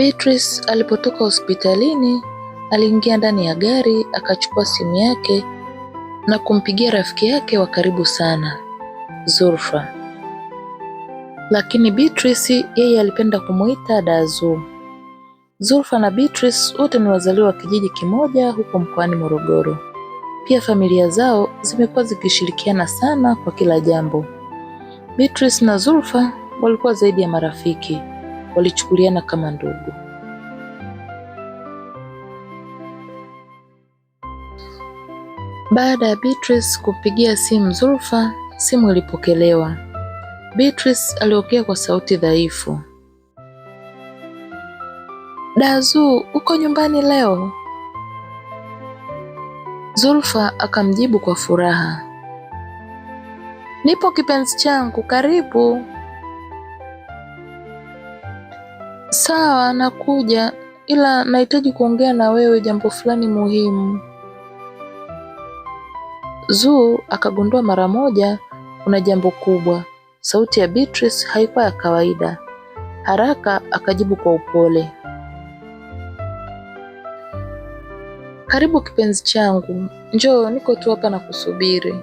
Beatrice alipotoka hospitalini aliingia ndani ya gari akachukua simu yake na kumpigia rafiki yake wa karibu sana Zulfa, lakini Beatrice yeye alipenda kumuita Dazu. Zulfa na Beatrice wote ni wazaliwa wa kijiji kimoja huko mkoani Morogoro. Pia familia zao zimekuwa zikishirikiana sana kwa kila jambo. Beatrice na Zulfa walikuwa zaidi ya marafiki, walichukuliana kama ndugu. Baada ya Beatrice kumpigia simu Zulfa, simu ilipokelewa. Beatrice aliokea kwa sauti dhaifu, Dazu, uko nyumbani leo? Zulfa akamjibu kwa furaha, nipo kipenzi changu, karibu. Sawa, nakuja, ila nahitaji kuongea na wewe jambo fulani muhimu. Zuu akagundua mara moja kuna jambo kubwa. Sauti ya Beatrice haikuwa ya kawaida. Haraka akajibu kwa upole, karibu kipenzi changu, njoo, niko tu hapa na kusubiri.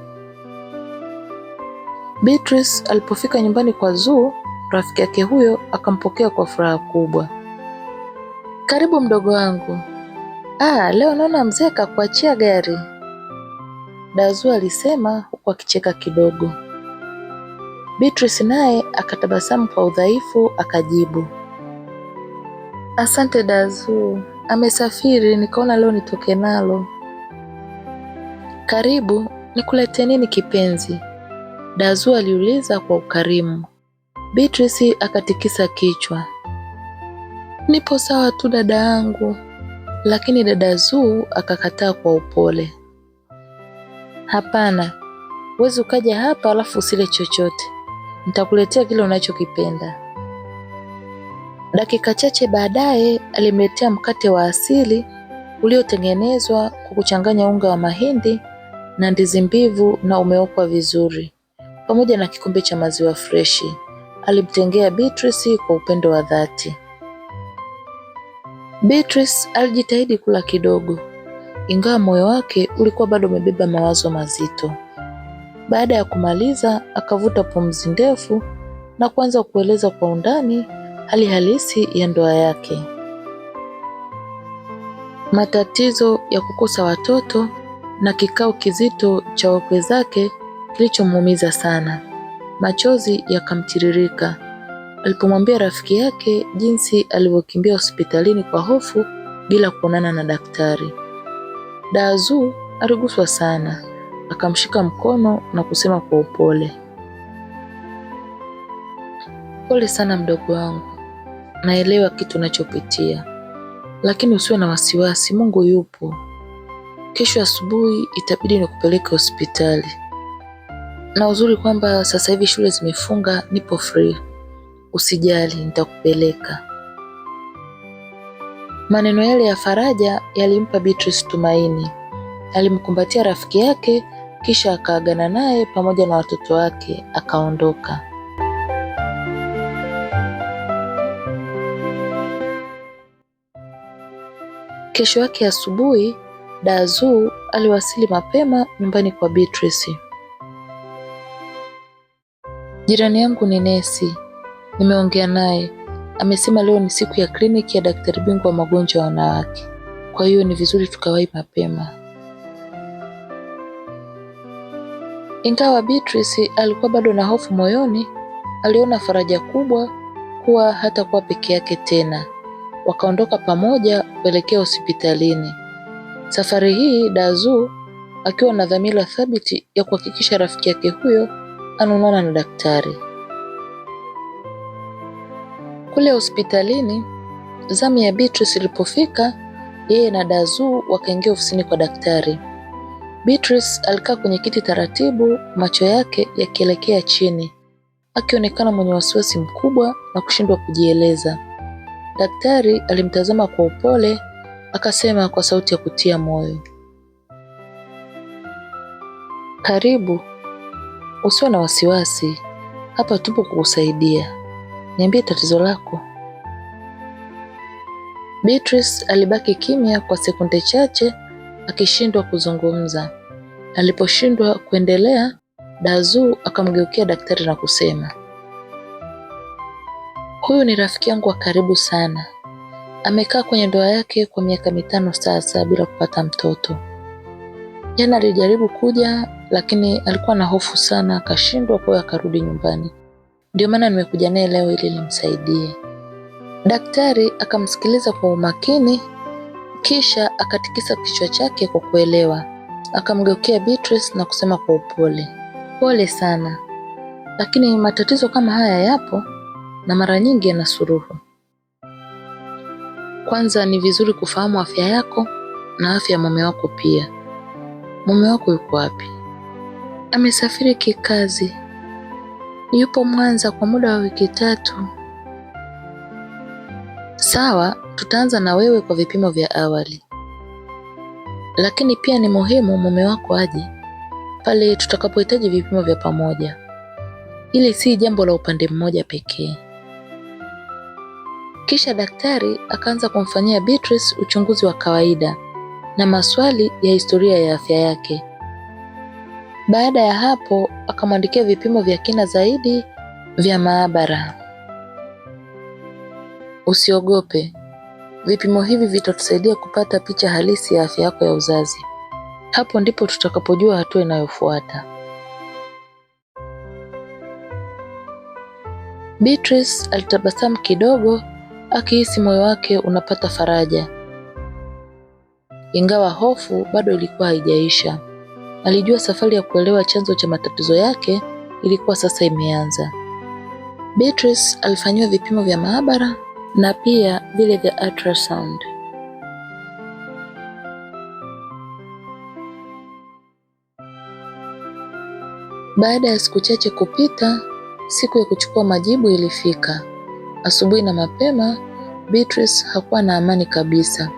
Beatrice alipofika nyumbani kwa Zuu Rafiki yake huyo akampokea kwa furaha kubwa. Karibu mdogo wangu. Ah, leo naona mzee kakuachia gari, Dazu alisema huku akicheka kidogo. Beatrice naye akatabasamu kwa udhaifu akajibu, asante Dazu, amesafiri nikaona leo nitoke nalo. Karibu, nikulete nini kipenzi? Dazu aliuliza kwa ukarimu. Beatrice akatikisa kichwa. Nipo sawa tu dada yangu, lakini dada Zuu akakataa kwa upole. Hapana, huwezi ukaja hapa alafu usile chochote, nitakuletea kile unachokipenda. Dakika chache baadaye alimletea mkate wa asili uliotengenezwa kwa kuchanganya unga wa mahindi na ndizi mbivu na umeokwa vizuri, pamoja na kikombe cha maziwa freshi alimtengea Beatrice kwa upendo wa dhati. Beatrice alijitahidi kula kidogo, ingawa moyo wake ulikuwa bado umebeba mawazo mazito. Baada ya kumaliza, akavuta pumzi ndefu na kuanza kueleza kwa undani hali halisi ya ndoa yake. Matatizo ya kukosa watoto na kikao kizito cha wakwe zake kilichomuumiza sana machozi yakamtiririka alipomwambia rafiki yake jinsi alivyokimbia hospitalini kwa hofu bila kuonana na daktari. Dazu aliguswa sana, akamshika mkono na kusema kwa upole, pole sana mdogo wangu, naelewa kitu unachopitia, lakini usiwe na wasiwasi, Mungu yupo. Kesho asubuhi itabidi nikupeleke hospitali na uzuri kwamba sasa hivi shule zimefunga, nipo free, usijali, nitakupeleka. Maneno yale ya faraja yalimpa Beatrice tumaini. Alimkumbatia rafiki yake kisha akaagana naye pamoja na watoto wake akaondoka. Kesho yake asubuhi, Dazu aliwasili mapema nyumbani kwa Beatrice. Jirani yangu ni nesi, nimeongea naye, amesema leo ni siku ya kliniki ya daktari bingwa wa magonjwa ya wanawake, kwa hiyo ni vizuri tukawahi mapema. Ingawa Beatrice alikuwa bado na hofu moyoni, aliona faraja kubwa kuwa hatakuwa peke yake tena. Wakaondoka pamoja kuelekea hospitalini. Safari hii Dazu akiwa na dhamira thabiti ya kuhakikisha rafiki yake huyo anaonana na daktari. Kule hospitalini, zamu ya Beatrice ilipofika, yeye na Dazuu wakaingia ofisini kwa daktari. Beatrice alikaa kwenye kiti taratibu, macho yake yakielekea chini, akionekana mwenye wasiwasi mkubwa na kushindwa kujieleza. Daktari alimtazama kwa upole, akasema kwa sauti ya kutia moyo, karibu. Usiwe na wasiwasi, hapa tupo kukusaidia. Niambie tatizo lako. Beatrice alibaki kimya kwa sekunde chache akishindwa kuzungumza. Aliposhindwa kuendelea, Dazu akamgeukia daktari na kusema, huyu ni rafiki yangu wa karibu sana, amekaa kwenye ndoa yake kwa miaka mitano sasa bila kupata mtoto. Jana alijaribu kuja lakini alikuwa na hofu sana akashindwa, kwa hiyo akarudi nyumbani. Ndio maana nimekuja naye leo ili nimsaidie. Daktari akamsikiliza kwa umakini, kisha akatikisa kichwa chake kwa kuelewa. Akamgeukia Beatrice na kusema kwa upole, pole sana, lakini matatizo kama haya yapo na mara nyingi yana suluhu. Kwanza ni vizuri kufahamu afya yako na afya ya mume wako pia. Mume wako yuko wapi? amesafiri kikazi, yupo Mwanza kwa muda wa wiki tatu. Sawa, tutaanza na wewe kwa vipimo vya awali, lakini pia ni muhimu mume wako aje pale tutakapohitaji vipimo vya pamoja. Hili si jambo la upande mmoja pekee. Kisha daktari akaanza kumfanyia Beatrice uchunguzi wa kawaida na maswali ya historia ya afya yake baada ya hapo akamwandikia vipimo vya kina zaidi vya maabara. Usiogope, vipimo hivi vitatusaidia kupata picha halisi ya afya yako ya uzazi. Hapo ndipo tutakapojua hatua inayofuata. Beatrice alitabasamu kidogo akihisi moyo wake unapata faraja, ingawa hofu bado ilikuwa haijaisha. Alijua safari ya kuelewa chanzo cha matatizo yake ilikuwa sasa imeanza. Beatrice alifanyiwa vipimo vya maabara na pia vile vya ultrasound. Baada ya siku chache kupita, siku ya kuchukua majibu ilifika. Asubuhi na mapema, Beatrice hakuwa na amani kabisa.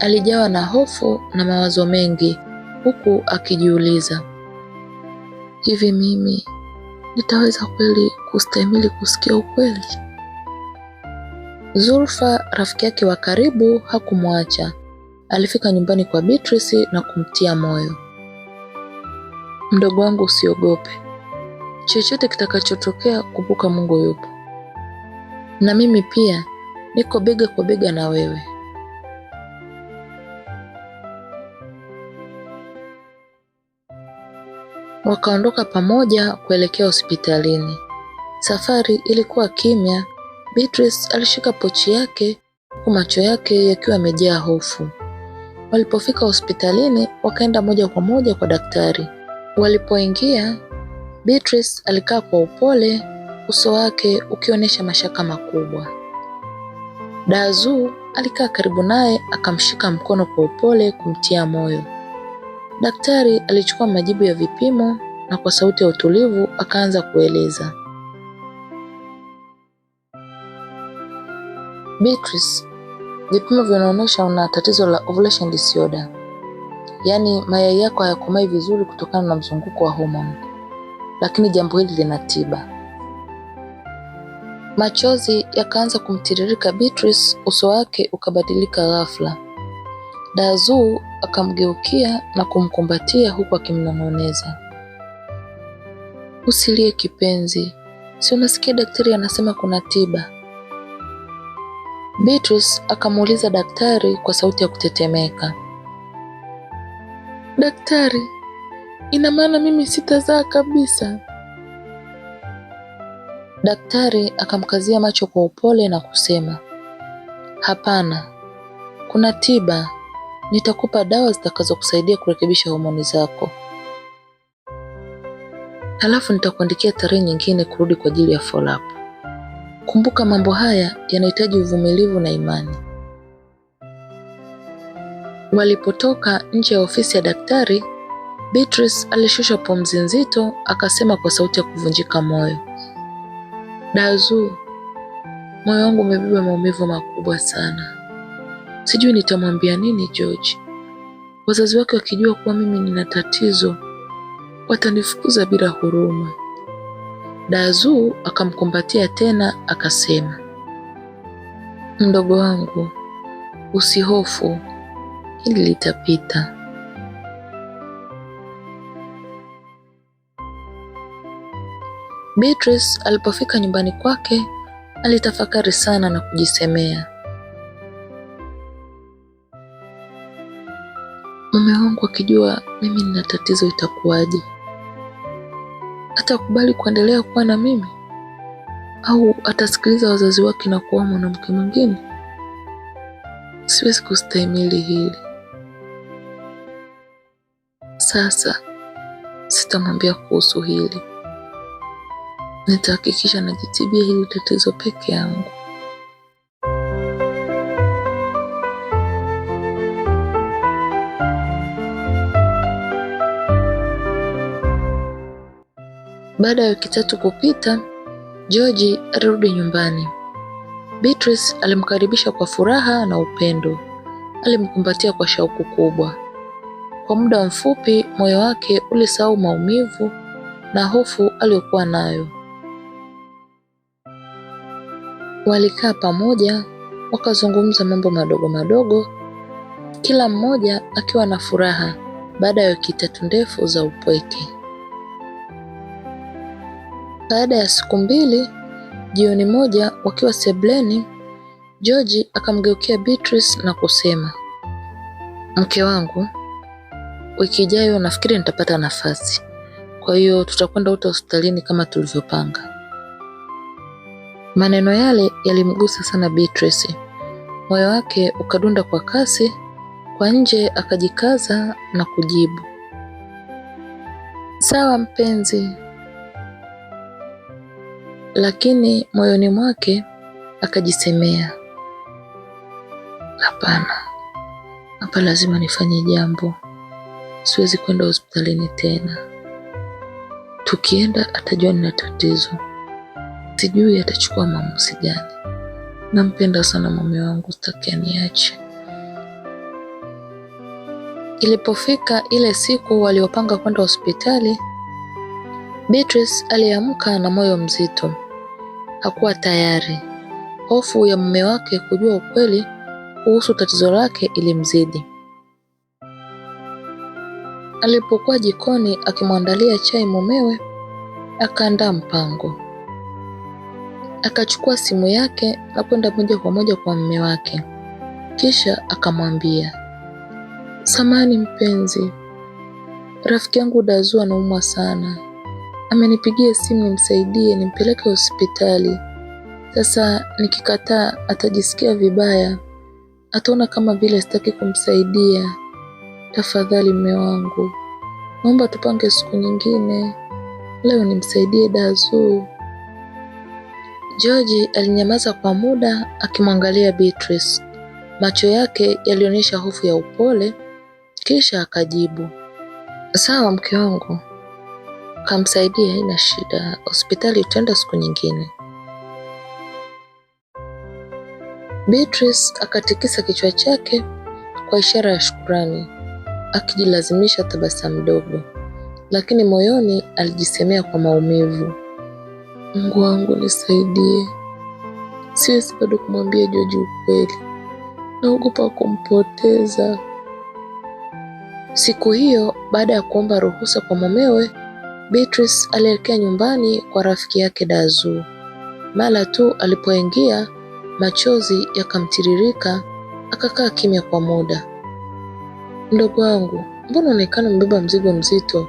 Alijawa na hofu na mawazo mengi, huku akijiuliza, hivi mimi nitaweza kweli kustahimili kusikia ukweli? Zulfa rafiki yake wa karibu hakumwacha. Alifika nyumbani kwa Beatrice na kumtia moyo, mdogo wangu, usiogope chochote kitakachotokea, kumbuka Mungu yupo na mimi pia niko bega kwa bega na wewe. Wakaondoka pamoja kuelekea hospitalini. Safari ilikuwa kimya. Beatrice alishika pochi yake huku macho yake yakiwa yamejaa hofu. Walipofika hospitalini, wakaenda moja kwa moja kwa daktari. Walipoingia, Beatrice alikaa kwa upole, uso wake ukionyesha mashaka makubwa. Dazu alikaa karibu naye akamshika mkono kwa upole kumtia moyo. Daktari alichukua majibu ya vipimo na kwa sauti ya utulivu akaanza kueleza. Beatrice, vipimo vinaonyesha una tatizo la ovulation disorder, yaani mayai yako hayakomai vizuri kutokana na mzunguko wa homoni, lakini jambo hili lina tiba. Machozi yakaanza kumtiririka Beatrice, uso wake ukabadilika ghafla. Dazuu akamgeukia na kumkumbatia huku akimnong'oneza Usilie kipenzi, si unasikia daktari anasema kuna tiba? Beatrice akamuuliza daktari kwa sauti ya kutetemeka. Daktari, ina maana mimi sitazaa kabisa? Daktari akamkazia macho kwa upole na kusema, hapana, kuna tiba. Nitakupa dawa zitakazokusaidia kurekebisha homoni zako halafu nitakuandikia tarehe nyingine kurudi kwa ajili ya follow up. Kumbuka mambo haya yanahitaji uvumilivu na imani. Walipotoka nje ya ofisi ya daktari, Beatrice alishusha pumzi nzito, akasema kwa sauti ya kuvunjika moyo, Dazu, moyo wangu umebeba maumivu makubwa sana. Sijui nitamwambia nini George. Wazazi wake wakijua kuwa mimi nina tatizo watanifukuza bila huruma. dazu akamkumbatia tena akasema, mdogo wangu, usihofu, hili litapita. Beatrice alipofika nyumbani kwake alitafakari sana na kujisemea, mume wangu akijua mimi nina tatizo itakuwaje? atakubali kuendelea kuwa na mimi au atasikiliza wazazi wake na kuoa mwanamke mwingine? Siwezi kustahimili hili sasa. Sitamwambia kuhusu hili, nitahakikisha najitibia hili tatizo peke yangu. Baada ya wiki tatu kupita, George alirudi nyumbani. Beatrice alimkaribisha kwa furaha na upendo, alimkumbatia kwa shauku kubwa. Kwa muda mfupi, moyo wake ulisahau maumivu na hofu aliyokuwa nayo. Walikaa pamoja wakazungumza mambo madogo madogo, kila mmoja akiwa na furaha baada ya wiki tatu ndefu za upweke. Baada ya siku mbili, jioni moja wakiwa sebleni George akamgeukia Beatrice na kusema, mke wangu, wiki ijayo nafikiri nitapata nafasi, kwa hiyo tutakwenda wote hospitalini kama tulivyopanga. Maneno yale yalimgusa sana Beatrice, moyo wake ukadunda kwa kasi. Kwa nje akajikaza na kujibu, sawa mpenzi lakini moyoni mwake akajisemea, hapana, hapa lazima nifanye jambo, siwezi kwenda hospitalini tena. Tukienda atajua nina tatizo, sijui atachukua maamuzi gani. Nampenda sana mume wangu, sitaki aniache. Ilipofika ile siku waliopanga kwenda hospitali, Beatrice aliamka na moyo mzito hakuwa tayari. Hofu ya mume wake kujua ukweli kuhusu tatizo lake ilimzidi. Alipokuwa jikoni akimwandalia chai mumewe, akaandaa mpango. Akachukua simu yake na kwenda moja kwa moja kwa mume wake, kisha akamwambia, samani mpenzi, rafiki yangu Dazuu anaumwa sana, amenipigia simu nimsaidie nimpeleke hospitali. Sasa nikikataa atajisikia vibaya, ataona kama vile sitaki kumsaidia. Tafadhali mme wangu, naomba tupange siku nyingine, leo nimsaidie Dazuu. George alinyamaza kwa muda akimwangalia Beatrice. Macho yake yalionyesha hofu ya upole, kisha akajibu, sawa mke wangu, ukamsaidia, haina shida. Hospitali utaenda siku nyingine. Beatrice akatikisa kichwa chake kwa ishara ya shukrani, akijilazimisha tabasamu dogo, lakini moyoni alijisemea kwa maumivu, Mungu wangu nisaidie, siwezi bado kumwambia Joji ukweli, naogopa kumpoteza. Siku hiyo baada ya kuomba ruhusa kwa mumewe Beatrice alielekea nyumbani kwa rafiki yake Dazu. Mara tu alipoingia, machozi yakamtiririka, akakaa kimya kwa muda. Mdogo wangu, mbona unaonekana umebeba mzigo mzito?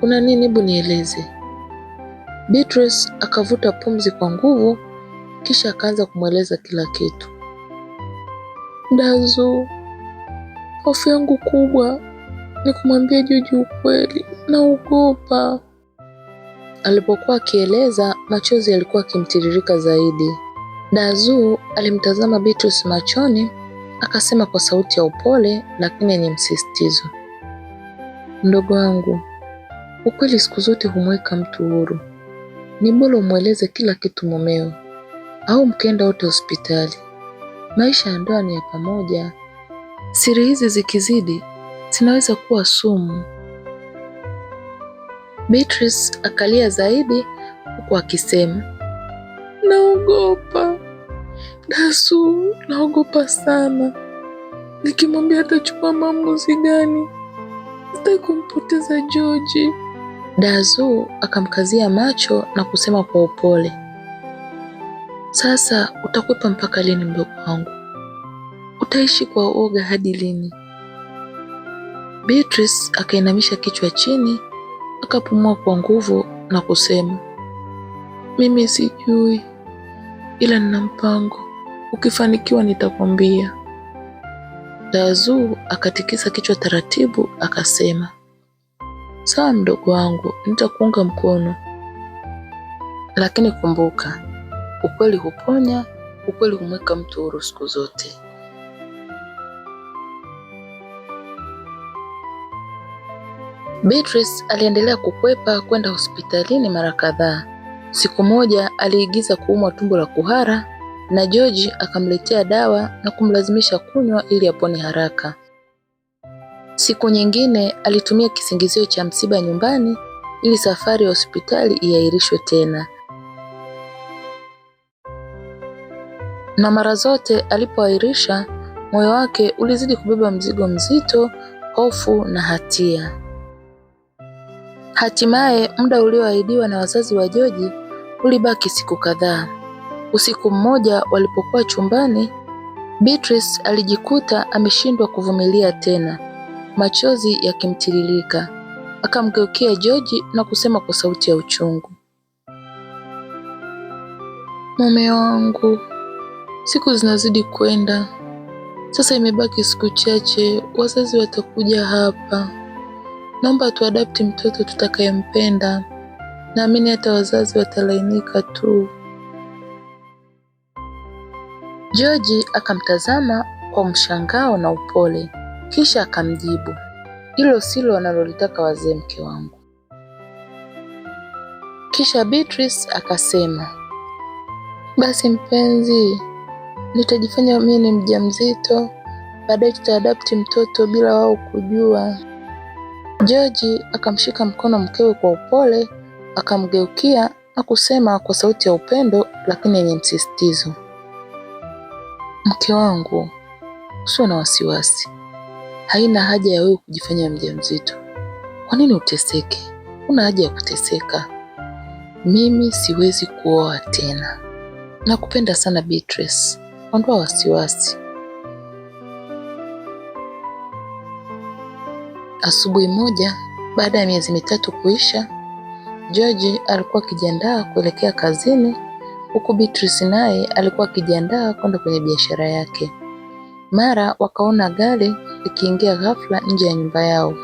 Kuna nini? Hebu nieleze. Beatrice akavuta pumzi kwa nguvu, kisha akaanza kumweleza kila kitu. Dazu, hofu yangu kubwa ni kumwambia Juju ukweli naogopa. Alipokuwa akieleza, machozi yalikuwa akimtiririka zaidi. Dazuu alimtazama Beatrice machoni, akasema kwa sauti ya upole lakini yenye msisitizo, mdogo wangu, ukweli siku zote humweka mtu huru. Ni bora umweleze kila kitu mumeo, au mkienda wote hospitali. Maisha ya ndoa ni ya pamoja. Siri hizi zikizidi zinaweza kuwa sumu Beatrice akalia zaidi huku akisema, naogopa Dasu, naogopa sana. Nikimwambia atachukua maamuzi gani, sitaki kumpoteza George. Dazu akamkazia macho na kusema kwa upole, sasa utakwepa mpaka lini mdogo wangu? Utaishi kwa uoga hadi lini? Beatrice akainamisha kichwa chini Akapumua kwa nguvu na kusema, mimi sijui, ila nina mpango, ukifanikiwa nitakwambia. Dazuu akatikisa kichwa taratibu, akasema, sawa mdogo wangu, nitakuunga mkono, lakini kumbuka, ukweli huponya, ukweli humweka mtu huru siku zote. Beatrice aliendelea kukwepa kwenda hospitalini mara kadhaa. Siku moja aliigiza kuumwa tumbo la kuhara na George akamletea dawa na kumlazimisha kunywa ili apone haraka. Siku nyingine alitumia kisingizio cha msiba nyumbani ili safari ya hospitali iahirishwe tena. Na mara zote alipoahirisha, moyo wake ulizidi kubeba mzigo mzito, hofu na hatia. Hatimaye muda ulioahidiwa na wazazi wa joji ulibaki siku kadhaa. Usiku mmoja walipokuwa chumbani, Beatrice alijikuta ameshindwa kuvumilia tena, machozi yakimtiririka. Akamgeukia joji na kusema kwa sauti ya uchungu, mume wangu, siku zinazidi kwenda, sasa imebaki siku chache, wazazi watakuja hapa Naomba tuadapti mtoto tutakayempenda, naamini hata wazazi watalainika tu. George akamtazama kwa mshangao na upole, kisha akamjibu, hilo silo wanalolitaka wazee, mke wangu. Kisha Beatrice akasema, basi mpenzi, nitajifanya mimi ni mjamzito, baadaye tutaadapti mtoto bila wao kujua. George akamshika mkono mkewe kwa upole, akamgeukia na kusema kwa sauti ya upendo lakini yenye msisitizo, mke wangu, usiwe na wasiwasi, haina haja ya wewe kujifanya mjamzito. Kwa nini uteseke? Huna haja ya kuteseka. Mimi siwezi kuoa tena. Nakupenda sana Beatrice, ondoa wasiwasi. Asubuhi moja baada ya miezi mitatu kuisha, George alikuwa akijiandaa kuelekea kazini, huku Beatrice naye alikuwa akijiandaa kwenda kwenye biashara yake. Mara wakaona gari likiingia ghafla nje ya nyumba yao.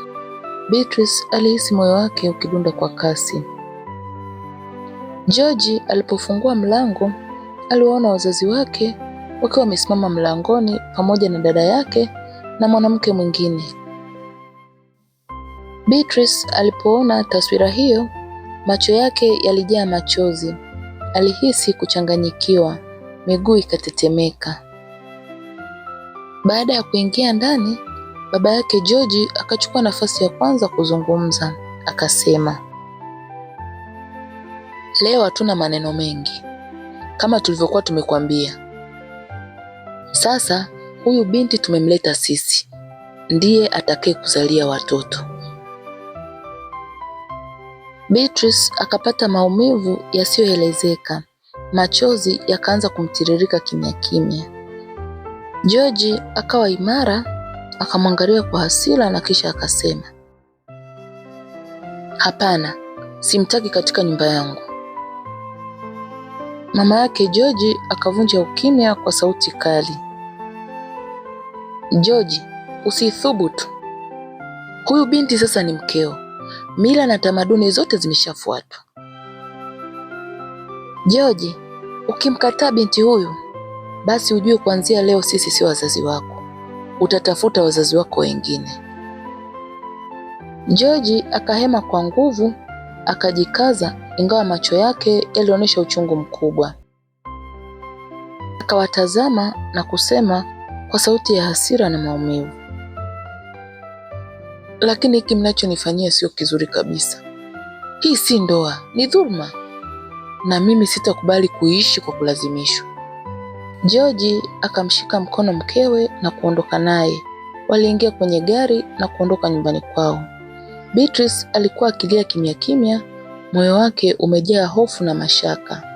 Beatrice alihisi moyo wake ukidunda kwa kasi. George alipofungua mlango, aliwaona wazazi wake wakiwa wamesimama mlangoni pamoja na dada yake na mwanamke mwingine. Beatrice alipoona taswira hiyo, macho yake yalijaa machozi. Alihisi kuchanganyikiwa, miguu ikatetemeka. Baada ya kuingia ndani, baba yake George akachukua nafasi ya kwanza kuzungumza, akasema, leo hatuna maneno mengi kama tulivyokuwa tumekuambia. Sasa huyu binti tumemleta sisi, ndiye atakaye kuzalia watoto. Beatrice akapata maumivu yasiyoelezeka, machozi yakaanza kumtiririka kimya kimya. George akawa imara, akamwangalia kwa hasira na kisha akasema, hapana, simtaki katika nyumba yangu. Mama yake George akavunja ukimya kwa sauti kali, George, usithubutu, huyu binti sasa ni mkeo mila na tamaduni zote zimeshafuatwa. George, ukimkataa binti huyu, basi ujue kuanzia leo sisi sio wazazi wako, utatafuta wazazi wako wengine. George akahema kwa nguvu, akajikaza, ingawa macho yake yalionyesha uchungu mkubwa. Akawatazama na kusema kwa sauti ya hasira na maumivu, lakini hiki mnachonifanyia sio kizuri kabisa. Hii si ndoa, ni dhuluma, na mimi sitakubali kuishi kwa kulazimishwa. George akamshika mkono mkewe na kuondoka naye. Waliingia kwenye gari na kuondoka nyumbani kwao. Beatrice alikuwa akilia kimya kimya, moyo wake umejaa hofu na mashaka.